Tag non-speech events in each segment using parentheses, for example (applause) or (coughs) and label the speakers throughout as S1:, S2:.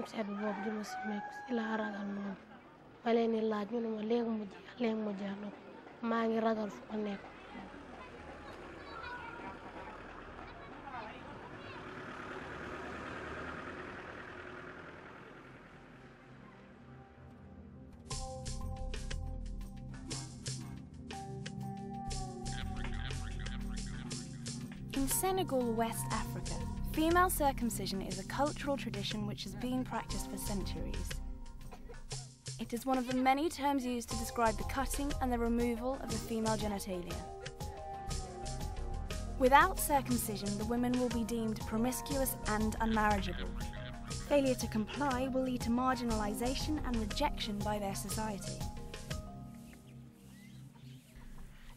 S1: In Senegal, West Africa. Female circumcision is a cultural tradition which has been practiced for centuries. It is one of the many terms used to describe the cutting and the removal of the female genitalia. Without circumcision, the women will be deemed promiscuous and unmarriageable. Failure to comply will lead to marginalisation and rejection by their society.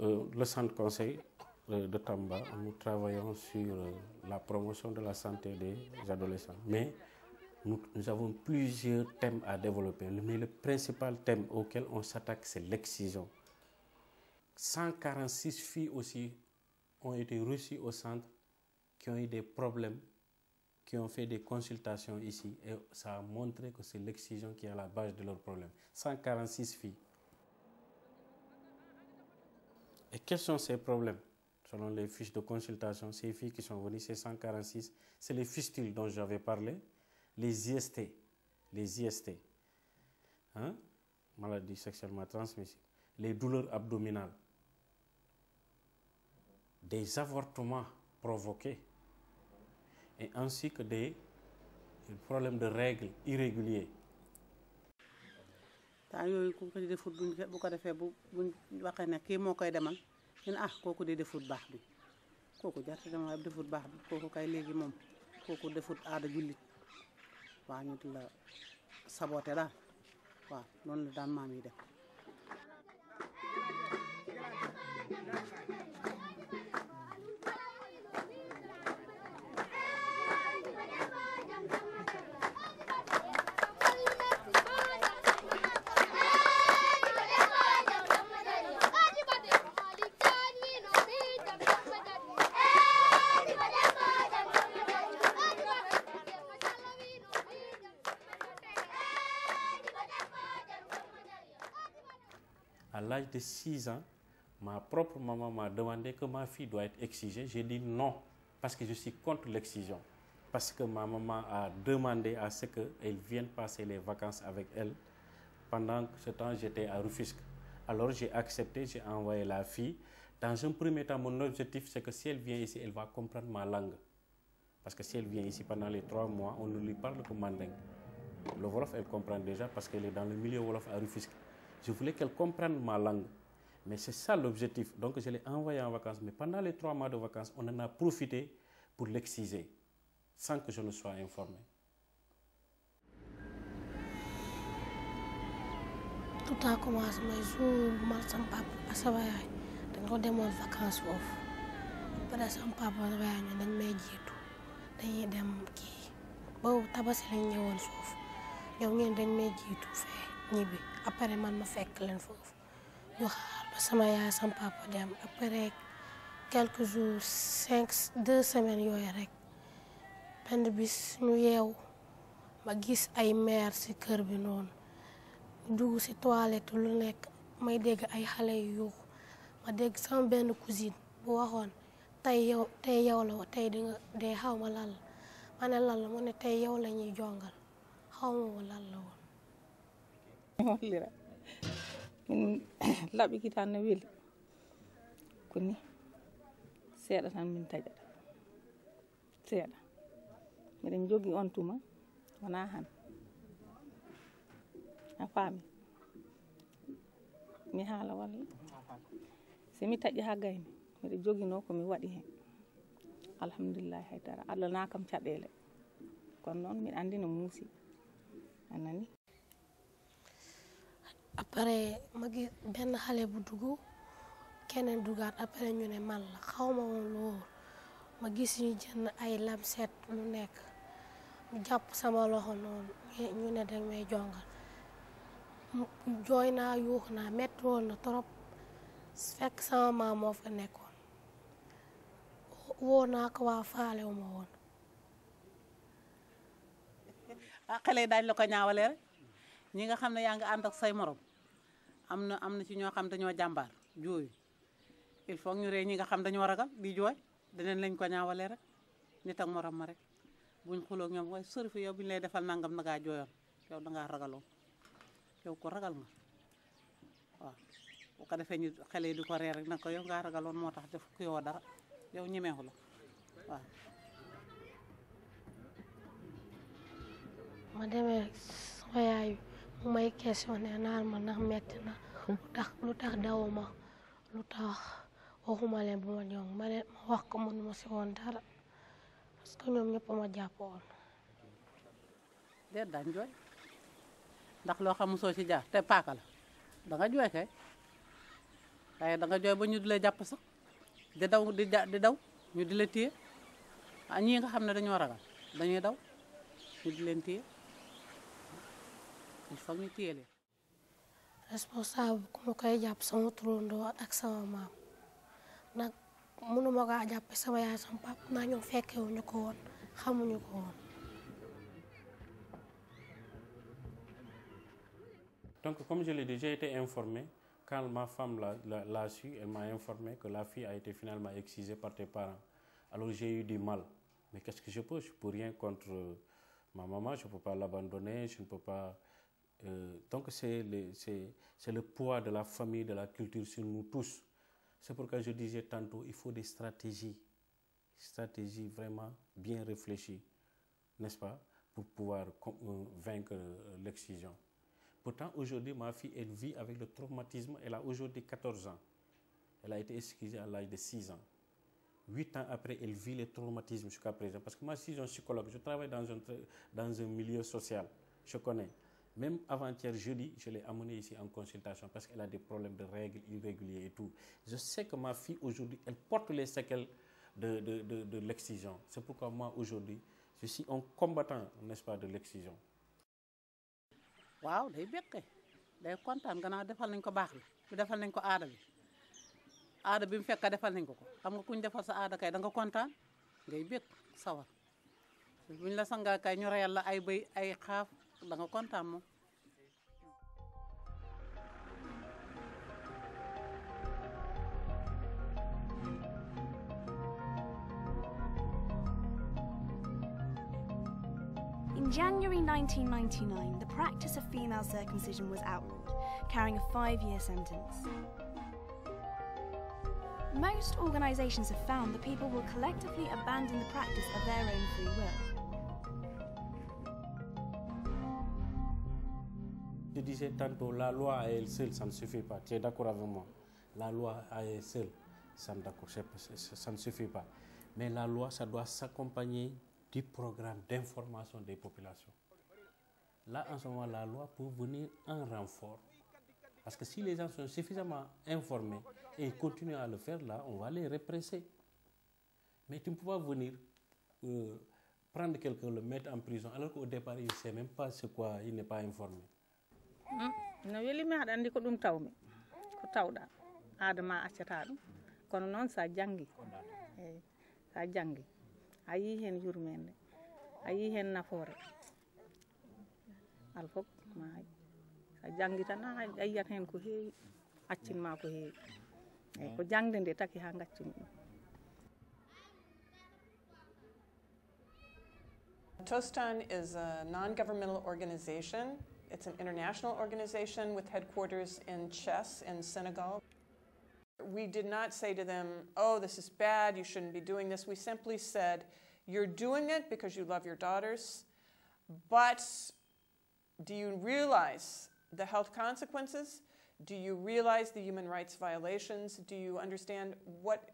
S2: Euh, le centre conseil euh, de Tamba, nous travaillons sur euh, la promotion de la santé des adolescents. Mais nous, nous, avons plusieurs thèmes à développer. Mais le principal thème auquel on s'attaque, c'est l'excision. 146 filles aussi ont été reçues au centre qui ont eu des problèmes, qui ont fait des consultations ici. Et ça a montré que c'est l'excision qui est à la base de leurs problèmes. 146 filles. Et quels sont ces problèmes Selon les fiches de consultation, ces filles qui sont venues, ces 146, c'est les fistules dont j'avais parlé, les IST, les IST, hein? maladies sexuellement transmissibles, les douleurs abdominales, des avortements provoqués, et ainsi que des problèmes de règles irréguliers.
S3: temps yooyu ku defut bu ko defee bu buñ waxee ne kii moo koy demal ñu ne ah kooku di defut baax bi kooku jarte dem waaye defut baax bi kooku kay léegi moom kooku defut aada jullit waaw ñu di la saboté daal waaw noonu la daan maam yi def
S2: À l'âge de 6 ans, ma propre maman m'a demandé que ma fille doit être exigée. J'ai dit non, parce que je suis contre l'excision. Parce que ma maman a demandé à ce qu'elle vienne passer les vacances avec elle. Pendant ce temps, j'étais à Rufisque. Alors j'ai accepté, j'ai envoyé la fille. Dans un premier temps, mon objectif, c'est que si elle vient ici, elle va comprendre ma langue. Parce que si elle vient ici pendant les trois mois, on ne lui parle que mandingue. Le Wolof, elle comprend déjà parce qu'elle est dans le milieu Wolof à Rufisque. Je voulais qu'elle comprenne ma langue. Mais c'est ça l'objectif. Donc je l'ai envoyée en vacances. Mais pendant les trois mois de vacances, on en a profité pour l'exciser, sans que je ne sois informé.
S1: Tout a commencé, mais je ne sais pas si je suis en vacances. Après, ne papa pas yaay ñu dañ may jiitu dañuy dem kii Je tabaski lañ ñëwoon suuf je ne dañ may jiitu fee ñibbi après man ma fekk leen foofu ñu xaar ba sama yaay sama dem après quelques jours cinq deux semaines yooyu rek benn bis ñu yeew ma gis ay mère ci kër bi noonu dugg ci toilette lu nekk may dégg ay xale yu yuuxu ma dégg sama benn cousine bu waxoon tey yow tey yow la tey di nga dee xaw ma lal la ma la mu ne tey yow lañuy jongal xaw ma lan la woon
S4: wallira min (coughs) laɓiki tan no weeli koni seeɗa tan min taƴaɗa seeɗa miɗen jogi on tuma wona han a faami mi haala walla so mi taƴi ha gayni miɗa jogino komi waɗi hen alhamdulillahi haydara allah na kam caɗele kono noon mbiɗa andi no muusi anani
S1: après ma gis benn xale bu dugg keneen dugaat après ñu ne man la xaw ma woon loolu ma gis ñu jënd ay lamset lu nekk jàpp sama loxo noonu ñu ne dañ may jongal jooy naa yuux naa metti woon na torop fekk sama maam moo fa nekkoon woo naa ko waa faalewu ma woon ah xale yi daañ la
S3: ko ñaawale rek ñi nga xamne ya nga and ak say morom amna amna ci ño xam dañu jambar joy il faut ñu ree ñi nga xam dañu ragal di joy deneen lañ ko ñaawalee rek nit ak morom ma rek buñ xuloo ñom way sori yow buñ lay defal nangam na ngaa yow da nga ragalo yow ko ragal nga wa bu ko defé ñu xalé du ko ree rek nag yow nga ragalon motax def ko yow dara yow ñemeexu la wa
S1: ma demee sama may questionné naan ma na metti na lu tax lu tax dawuma lu waxuma bu ma ñoom ma ma wax ko mënuma si won dara parce que ñom ñëpp ma jappoon
S3: de dañ joy ndax lo xam so ci jaar te paaka la da nga joy kay waaye da nga joy ba ñu di japp sax di daw di di daw ñu dila la ñi nga xam ne ragal dañuy daw ñu di leen
S1: responsable
S2: Donc, comme je l'ai déjà été informé, quand ma femme l'a su, elle m'a informé que la fille a été finalement excisée par tes parents. Alors j'ai eu du mal. Mais qu'est-ce que je peux Je peux rien contre ma maman, je ne peux pas l'abandonner, je ne peux pas euh, donc c'est le, poids de la famille, de la culture sur nous tous. C'est pourquoi je disais tantôt, il faut des stratégies, stratégies vraiment bien réfléchies, n'est-ce pas, pour pouvoir euh, vaincre euh, l'excision. Pourtant, aujourd'hui, ma fille, elle vit avec le traumatisme. Elle a aujourd'hui 14 ans. Elle a été excusée à l'âge de 6 ans. 8 ans après, elle vit le traumatisme jusqu'à présent. Parce que moi, si je suis psychologue, je travaille dans un milieu social. Je connais. Même avant-hier, jeudi, je l'ai amenée ici en consultation parce qu'elle a des problèmes de règles irréguliers et tout. Je sais que ma fille, aujourd'hui, elle porte les séquelles de, de, de, de l'excision. C'est pourquoi moi, aujourd'hui, je suis un combattant, n'est-ce pas, de l'excision.
S3: Wow, c'est bien. day suis content. defal suis content. Je suis content. defal suis content. Je bi content. bi suis fekk defal suis content. Je xam nga kuñ defal sa Je kay da nga kontaan ngay bég sawar buñ la sangaa kay ñu a la ay bëy ay In
S1: January 1999, the practice of female circumcision was outlawed, carrying a five-year sentence. Most organisations have found that people will collectively abandon the practice of their own free will.
S2: disais tantôt, la loi à elle seule, ça ne suffit pas. Tu es d'accord avec moi La loi à elle seule, ça ne, ça ne suffit pas. Mais la loi, ça doit s'accompagner du programme d'information des populations. Là, en ce moment, la loi peut venir en renfort. Parce que si les gens sont suffisamment informés et continuent à le faire, là, on va les répresser. Mais tu ne peux pas venir euh, prendre quelqu'un, le mettre en prison, alors qu'au départ, il ne sait même pas ce quoi, il n'est pas informé.
S4: Mm. no welimi aɗa anndi ko ɗum tawmi ko tawɗa aada ma accata ɗum kono noon sa janngi eyi sa janngi a yii heen yurmende a yii heen nafoore alfof ma sa janngi tan a yiyat heen ko heewi accinma ko heewi eyi ko jangde nde taki haa gaccumi ɗum
S5: Tostan is a non-governmental organization It's an international organization with headquarters in Chess in Senegal. We did not say to them, oh, this is bad, you shouldn't be doing this. We simply said, you're doing it because you love your daughters, but do you realize the health consequences? Do you realize the human rights violations? Do you understand what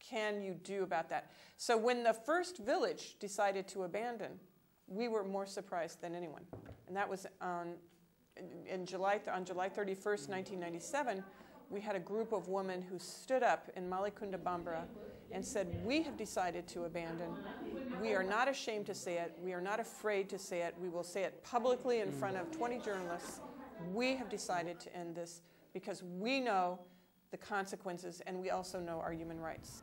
S5: can you do about that? So when the first village decided to abandon we were more surprised than anyone. And that was on, in July, on July 31st, 1997, we had a group of women who stood up in Malikunda Bambara and said, we have decided to abandon. We are not ashamed to say it. We are not afraid to say it. We will say it publicly in front of 20 journalists. We have decided to end this because we know the consequences and we also know our human rights.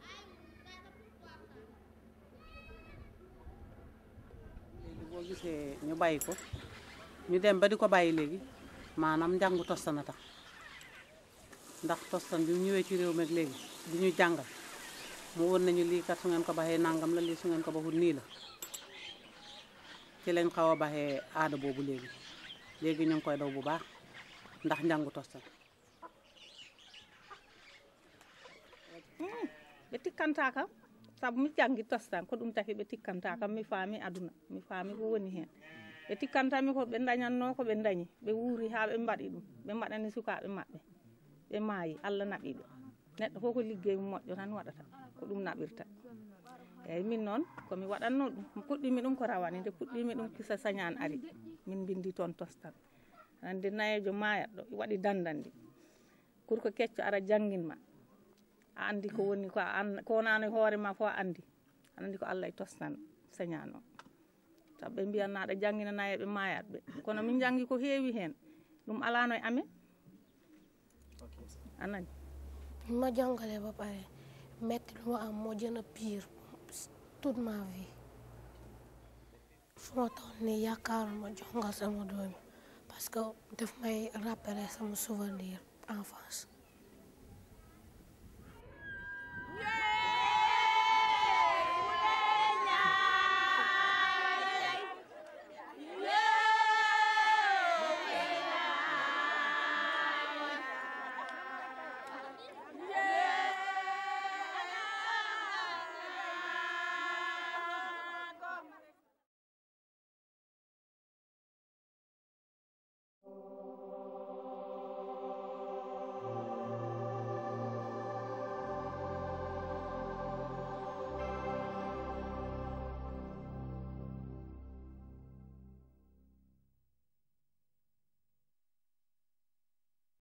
S5: boo
S3: gisee ñu bàyyi ko ñu dem ba di ko bàyyi léegi maanaam njàngu tostan tax ndax tostan bi mu ñëwee ci réew mi léegi di ñu jàngal mu won nañu lii kat su ngeen ko baxee nangam la lii su ko baxul nii la ci leen xaw a baxee aada boobu léegi léegi ñu ngi koy daw bu baax ndax njàngu tostan
S4: beti hmm, kantaaka saabu mi janngi tostan ko ɗum taki ɓe tikkanta kam mi faami aduna mi faami ko woni heen ɓe tikkantami ko ɓe dañatno ko ɓe dañi ɓe wuuri haa ɓe mbaɗi ɗum ɓe mbaɗani sukaaɓe maɓɓe ɓe maayi allah naɓii ɓe neɗɗo fof ko liggey moƴƴo tan waɗata ko ɗum naɓirta eeyi min noon komi waɗatno ɗum puɗɗimi ɗum ko rawani nde puɗɗimi ɗum kisa sañaan ari min mbindi toon tostan ande nayejo maayatɗo waɗi dandandi kurko kecco ara jangin ma a andi ko woni ko an ko wonani hoore ma fof a andi aɗa andi ko allah e tostan señano saw ɓe mbiyanna aɗa janggina nayeɓe mayatɓe kono min janggi ko heewi hen ɗum alano e amen anani ma jangale ba pare mettiɗum am
S1: mojana pire toute ma vie fomo tawne yakaruma jongal sama domi par ce que def may rappele sama souvenir enfance